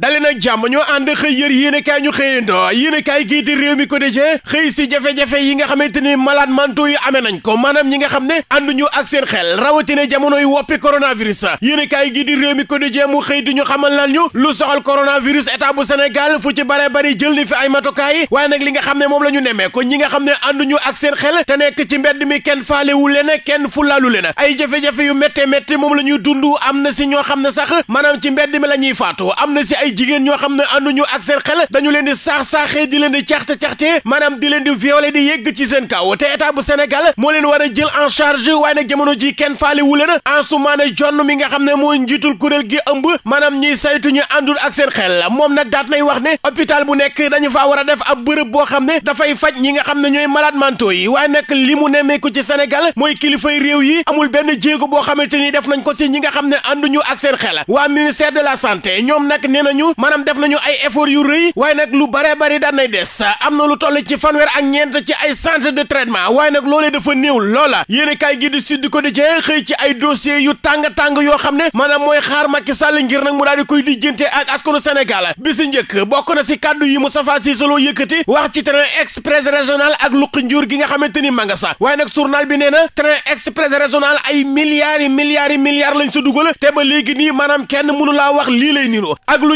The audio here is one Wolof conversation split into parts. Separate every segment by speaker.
Speaker 1: dali nag jàmm ñoo ànd xëy yër yéenekaay ñu xëyandoo yéenekaay gii di réew mi quotidien xëy si jafe-jafe yi nga xamante ni malade manto yu amee nañ ko maanaam ñi nga xam ne ànduñu ak seen xel rawatina jamono yu woppi coronavirus yéenekaay gii di réew mi quotidien mu xëy di ñu xamal lan ñu lu soxal coronavirus état bu Sénégal fu ci bare bari jël ni fi ay matukaay waaye nag li nga xam ne moom la ñu nemee ko ñi nga xam ne ànduñu ak seen xel te nekk ci mbedd mi kenn faalewu leen kenn fulaalu leen ay jafe yu métte métti moom la ñuy dund am na si ñoo xam ne sax maanaam ci mbedd mi la ñuy faatu am na si ay ay jigéen ñoo xam ne ànduñu ak seen xel dañu leen di saax-saaxee di leen di caxte-caxte maanaam di leen di violer di yëgg ci seen kaw te état bu Sénégal moo leen war a jël en charge waaye nag jamono ji kenn faale wu leen Ansoumana Dione mi nga xam ne mooy njiitul kuréel gi ëmb maanaam ñiy saytu ñu ak seen xel moom nag daat nay wax ne hôpital bu nekk dañu faa war a def ab bërëb boo xam ne dafay faj ñi nga xam ne ñooy malade mentaux yi waaye nag li mu nemmeeku ci Sénégal mooy kilifay réew yi amul benn jéego boo xamante ni def nañ ko si ñi nga xam ne ànduñu ak seen xel waa ministère de la santé ñoom nag nee nañ nañu maanaam def nañu ay effort yu rëy waaye lu bare bari daan nay des am na lu toll ci fanweer ak ñeent ci ay centre de traitement waaye nag loolee dafa néew loola yéen kaay gi di sud ko di cee xëy ci ay dossiers yu tàng-tàng yoo xam ne maanaam mooy xaar Macky Sall ngir nag mu daal di koy lijjante ak askanu Sénégal bi si njëkk bokk na si kàddu yi Moustapha Cissé Lo yëkkati wax ci train express régional ak luq njuur gi nga xamante ni ma nga sa waaye nag journal bi nee na train express régional ay milliards yi milliards yi milliards lañ sa dugal te ba léegi nii maanaam kenn mënu laa wax lii lay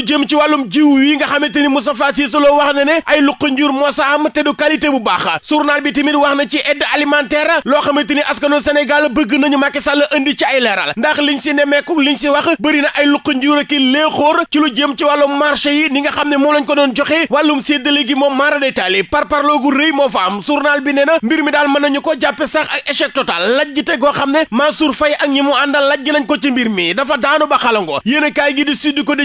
Speaker 1: jëm ci wàllum jiw yi nga xamante ni Moustapha Cissé Lo wax na ne ay luq njur moo sa am te du qualité bu baax journal bi tamit wax na ci aide alimentaire loo xamante ni askanu Sénégal bëgg nañu Macky Sall indi ci ay leeral ndax liñ si nemmeeku liñ si wax bëri na ay luq njur ki léexóor ci lu jëm ci wàllum marché yi ni nga xam ne moom lañ ko doon joxe wàllum séddale gi moom maara day taali par parloo gu rëy moo fa am journal bi ne na mbir mi daal mën nañu ko jàppe sax ak échec total lajjite goo xam ne Mansour Faye ak ñi mu àndal lajj nañ ko ci mbir mi dafa daanu ba xalango yéen a kaay di ko di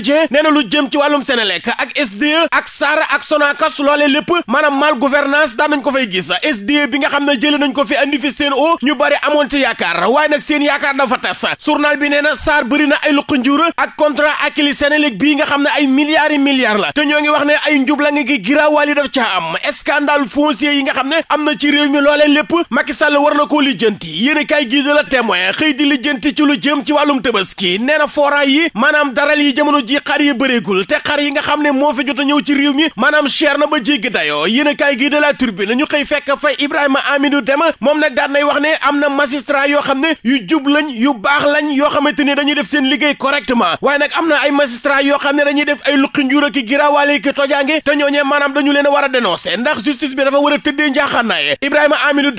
Speaker 1: jëm ci wàllum Senelec ak SDE ak SAR ak Sonacos loolee lépp maanaam mal gouvernance daan nañ ko fay gis SDE bi nga xam ne jëlee nañ ko fi andi fi seen o ñu bari amoon ci yaakaar waaye nag seen yaakaar dafa tas journal bi nee na SAR bëri na ay luq njur ak contrat ak li Senelec bii nga xam ne ay milliards yi milliards la te ñoo ngi wax ne ay njubla nga gi giraawaal yi daf am scandale foncier yi nga xam ne am na ci réew mi loole lépp Macky Sall war na koo lijjanti yéen kay gi de la témoin xëy ci lu jëm ci wàllum tabaski nee na fora yi maanaam daral yi jamono ji xar yi bëri bëreegul te xar yi nga xam ne moo fi jot a ñëw ci réew mi maanaam cher na ba jéggi dayoo yéen a kaay gi de la turbine ñu xëy fekk fay Ibrahima Amidou Dem moom nag daan wax ne am na magistrat yoo xam ne yu jub lañ yu baax lañ yoo xamante ne dañuy def seen liggéey correctement waaye nag am na ay magistrat yoo xam ne dañuy def ay luqi njuura ki giraawaale ki tojaange te ñooñee maanaam dañu leen a war ndax justice bi dafa war tëddee njaaxaanaay Ibrahima Amidou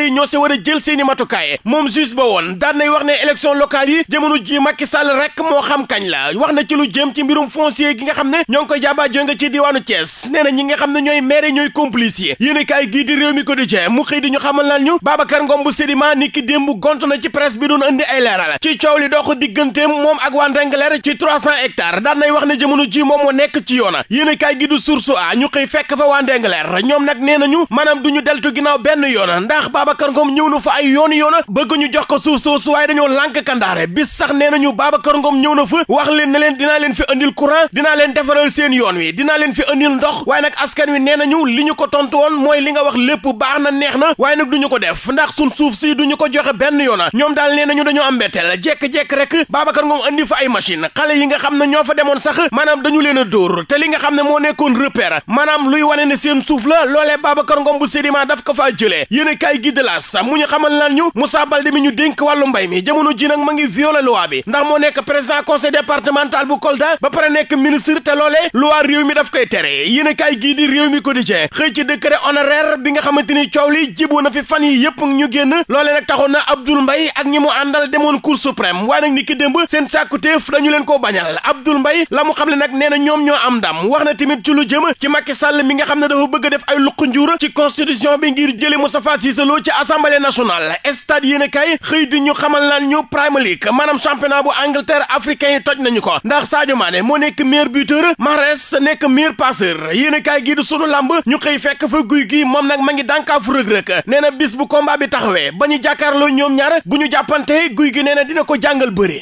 Speaker 1: a sénégalais yi ñoo si war a jël seeni matukaay moom juge ba woon daan nay wax ne élection locale yi jamono ji Macky Sall rek moo xam kañ la wax na ci lu jëm ci mbirum foncier gi nga xam ne ñoo ngi koy jaaba jonge ci diwaanu Thiès nee na ñi nga xam ne ñooy maire ñooy complice yi yéen kaay gii di réew mi ko di jee mu xëy di ñu xamal naan ñu Babacar Ngom bu Sedima ni ki démb gont na ci presse bi du indi ay leeral ci coow li dox digganteem moom ak waa Ndengler ci 300 hectares daan nay wax ne jamono ji moom moo nekk ci yoona yéen kaay gi du source a ñu xëy fekk fa waa ñoom nag nee nañu maanaam duñu deltu ginnaaw benn yoon Babacar ngoom ñëw na fa ay yoon yoon bëgg ñu jox ko suuf soosu waaye dañoo lànk kandaare bis sax nee nañu Babacar ngoom ñëw na fa wax leen ne leen dina leen fi andil courant dinaa leen defaral seen yoon wi dina leen fi andil ndox waaye nag askan wi nee nañu li ñu ko tontu woon mooy li nga wax lépp baax na neex na waaye nag du ñu ko def ndax suñ suuf si du ñu ko joxe benn yoon ñoom daal nee nañu dañoo am mbetteel jekk-jekk rek Babacar Ngom andi fa ay machine xale yi nga xam ne ñoo fa demoon sax maanaam dañu leen a dóor te li nga xam ne moo nekkoon repère maanaam luy wane ne seen suuf la loolee Babacar Ngom bu Sedima daf ko faa jëlee yéen a de laas mu ñu xamal lan ñu Moussa Baldé mi ñu dénk wàllu mbay mi jamono ji nag ma ngi violé loi bi ndax moo nekk président conseil départemental bu Kolda ba nekk ministre te loolee loi réew mi daf koy tere yéen a kaay gii di réew mi quotidien xëy ci décret honoraire bi nga xamante coow li jibu na fi fan yi yëpp ñu génn loolee nag taxoon na Abdoul ak ñi mu àndal demoon cour suprême waaye nag ni ki démb seen sàkkuteef dañu leen koo bañal Abdoul ca assemblée nationale stade yéen a kay xëy di ñu xamal naan ñu Premier League maanaam championnat bu Angleterre africain yi toj nañu ko ndax Sadio Mané moo nekk meilleur buteur Mahrez nekk meilleur passeur yéen a kay gii di sunu làmb ñu xëy fekk fa guy gi moom nag ma ngi dànkaafu rëg-rëg nee na bis bu combat bi taxawee ba ñu jàkkaarloo ñoom ñaar bu ñu jàppante guy gi nee na dina ko jàngal bëre